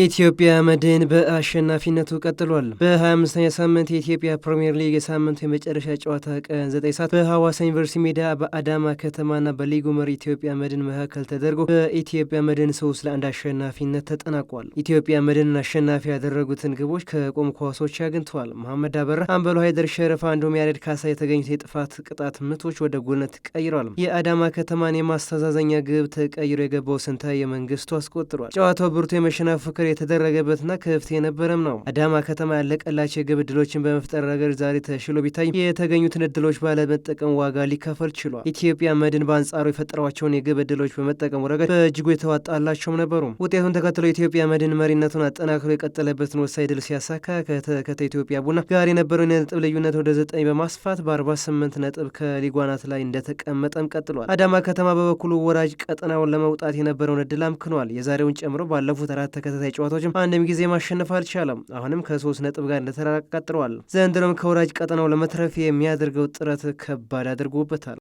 የኢትዮጵያ መድን በአሸናፊነቱ ቀጥሏል። በ25ኛ ሳምንት የኢትዮጵያ ፕሪምየር ሊግ የሳምንቱ የመጨረሻ ጨዋታ ቀን 9 ሰዓት በሐዋሳ ዩኒቨርሲቲ ሜዳ በአዳማ ከተማና በሊጉ መሪ ኢትዮጵያ መድን መካከል ተደርጎ በኢትዮጵያ መድን ሶስት ለአንድ አሸናፊነት ተጠናቋል። ኢትዮጵያ መድንን አሸናፊ ያደረጉትን ግቦች ከቆም ኳሶች አግኝተዋል። መሐመድ አበራ፣ አምበሉ ሀይደር ሸረፋ እንዲሁም ያሬድ ካሳ የተገኙት የጥፋት ቅጣት ምቶች ወደ ጎልነት ቀይረዋል። የአዳማ ከተማን የማስተዛዘኛ ግብ ተቀይሮ የገባው ስንታየ መንግስቱ አስቆጥሯል። ጨዋታው ብርቱ የመሸናፍ ፍክር የተደረገበትና ክፍት የነበረም ነው። አዳማ ከተማ ያለቀላቸው የግብ እድሎችን በመፍጠር ረገድ ዛሬ ተሽሎ ቢታይ የተገኙትን እድሎች ባለመጠቀም ዋጋ ሊከፈል ችሏል። ኢትዮጵያ መድን በአንጻሩ የፈጠሯቸውን የግብ እድሎች በመጠቀሙ ረገድ በእጅጉ የተዋጣላቸውም ነበሩ። ውጤቱን ተከትሎ ኢትዮጵያ መድን መሪነቱን አጠናክሮ የቀጠለበትን ወሳኝ ድል ሲያሳካ ከተከተ ኢትዮጵያ ቡና ጋር የነበረውን የነጥብ ልዩነት ወደ ዘጠኝ በማስፋት በ48 ነጥብ ከሊጓናት አናት ላይ እንደተቀመጠም ቀጥሏል። አዳማ ከተማ በበኩሉ ወራጅ ቀጠናውን ለመውጣት የነበረውን እድል አምክኗል። የዛሬውን ጨምሮ ባለፉት አራት ተከታታይ ጨዋታዎችም አንድም ጊዜ ማሸነፍ አልቻለም። አሁንም ከሶስት ነጥብ ጋር እንደተራራቀ ቀጥለዋል። ዘንድሮም ከወራጅ ቀጠናው ለመትረፍ የሚያደርገው ጥረት ከባድ አድርጎበታል።